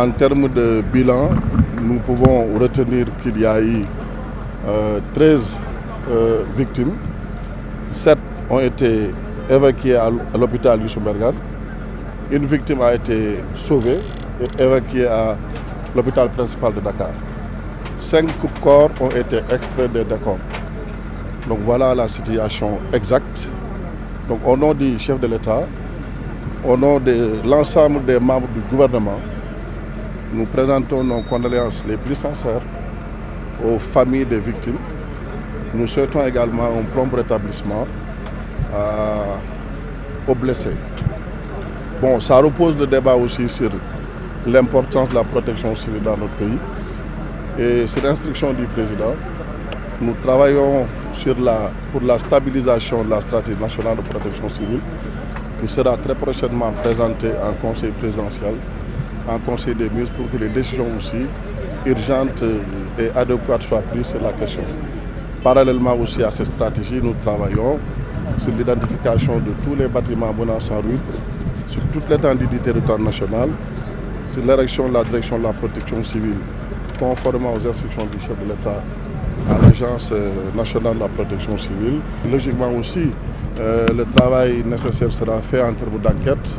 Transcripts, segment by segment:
En termes de bilan, nous pouvons retenir qu'il y a eu 13 euh, euh, victimes. 7 ont été évacuées à l'hôpital Yusumbergan. Une victime a été sauvée et évacuée à l'hôpital principal de Dakar. 5 corps ont été extraits des décombres. Donc voilà la situation exacte. Donc au nom du chef de l'État, au nom de l'ensemble des membres du gouvernement, nous présentons nos condoléances les plus sincères aux familles des victimes. Nous souhaitons également un prompt rétablissement euh, aux blessés. Bon, ça repose le débat aussi sur l'importance de la protection civile dans notre pays. Et c'est l'instruction du président. Nous travaillons pour la stabilisation de la stratégie nationale de protection civile qui sera très prochainement présentée en conseil présidentiel en Conseil des ministres pour que les décisions aussi urgentes et adéquates soient prises sur la question. Parallèlement aussi à cette stratégie, nous travaillons sur l'identification de tous les bâtiments en rue sur toute l'étendue du territoire national, sur l'érection de la direction de la protection civile, conformément aux instructions du chef de l'État à l'Agence euh, nationale de la protection civile. Logiquement aussi, euh, le travail nécessaire sera fait en termes d'enquête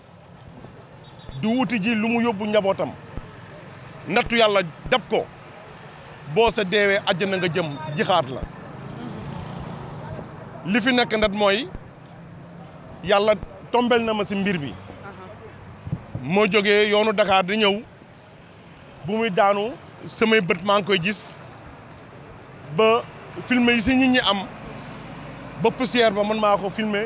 du wuti ji lu mu yóbbu njabootam nattu yàlla dab ko bo sa dewe aljana nga jëm jixaat la li fi nek nag moy yalla tombel na ma ci mbir bi mo joge yoonu Dakar di ñew bu muy daanu samay beut ma ngoy gis ba filmer yi ci nit ñi am ba poussière ba man mako filmer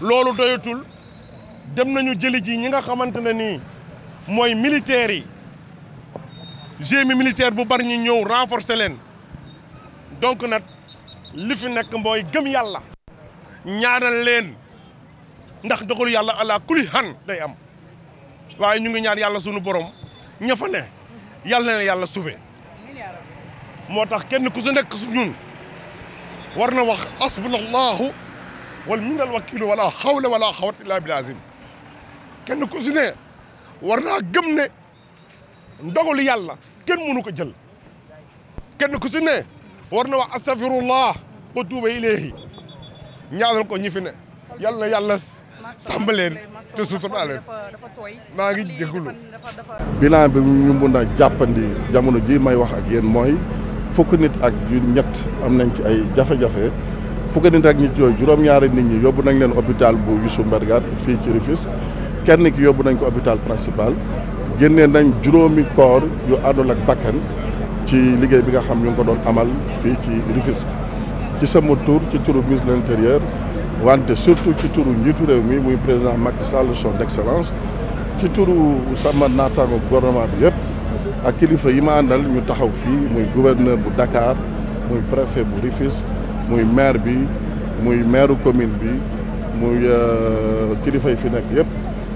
loolu doyatul dem nañu jëli ji ñi nga xamante ne nii mooy militaires yi gémi militaire bu bari ñu ñëw renforcer leen donc nag li fi nekk mooy gëm yàlla ñaanal leen ndax dogalu yàlla ala kuli xan day am waaye ñu ngi ñaan yàlla sunu borom ña fa ne yàlla na yàlla sauvé moo tax kenn ku si nekk ñun war na wax asbunallahu wal min al wakiilu wala hawla wala xawata illa bil kenn ku si war naa gëm ne ndogalu yàlla kenn mënu ko jël kenn ku si ne war na wax astafirullah wa tuuba ilayhi ñaanal ko ñi fi ne yàlla yàlla sàmm leen te sutura leen maa ngi jégalu. bilan bi ñu mun a jàppandi jamono ji may wax ak yéen mooy fukk nit ak yu am nañ ci ay jafe-jafe. fukki nit ak nit yooyu juróom-ñaari nit ñi yóbbu nañ leen hôpital bu Youssou mbergat fii ci Rufisque kenn ki yóbbu nañ ko hôpital principal génnee nañ juróomi koor yu àndul ak bakkan ci liggéey bi nga xam ñu ngi ko doon amal fii ci Rufisque ci sama tour ci turu ministre de l'intérieur wante surtout ci turu njiitu réew mi muy président Macky Sall son excellence ci turu sama naataango gouvernement bi yëpp ak kilifa yi ma àndal ñu taxaw fii muy gouverneur bu Dakar muy préfet bu Rufisque muy maire bi muy maire commune bi muy euh, kilifa yi fi nekk yëpp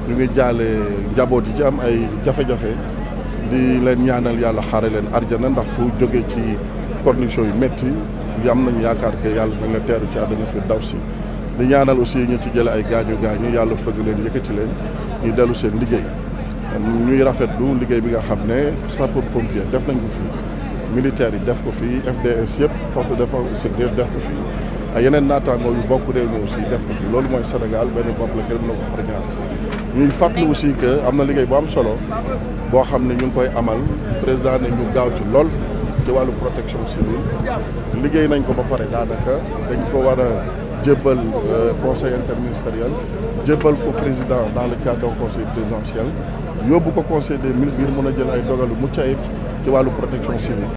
ñu ngi jaale njaboot yi ci am ay jafe-jafe di leen ñaanal yàlla xaare leen arjana ndax ku jóge ci conditions yi métti yi am nañu yaakaar que yàlla na nga teeru ci àddina fi daw si di ñaanal aussi ñu ci jële ay gaañu gaañu yàlla fëgg leen yëkkati leen ñu dellu seen liggéey ñuy rafetlu liggéey bi nga xam ne sapeur pompier def nañ ko fii militaires yi def ko fii FDS yëpp force de défense et sécurité def ko fii ak yeneen naataangoo yu bokk réew mi aussi def ko fii loolu mooy Sénégal benn bopp la le na ko président ñuy fàttali aussi que am na liggéey bu am solo boo xam ne ñu ngi koy amal président ne ñu gaaw ci lool ci wàllu protection civile liggéey nañ ko ba pare daanaka dañ ko war a jébbal euh, conseil interministériel jébbal ko président dans le cadre d'un conseil présidentiel yóbbu ko conseil des ministres ngir mën a jël ay dogalu mucc ayib ci wàllu protection civile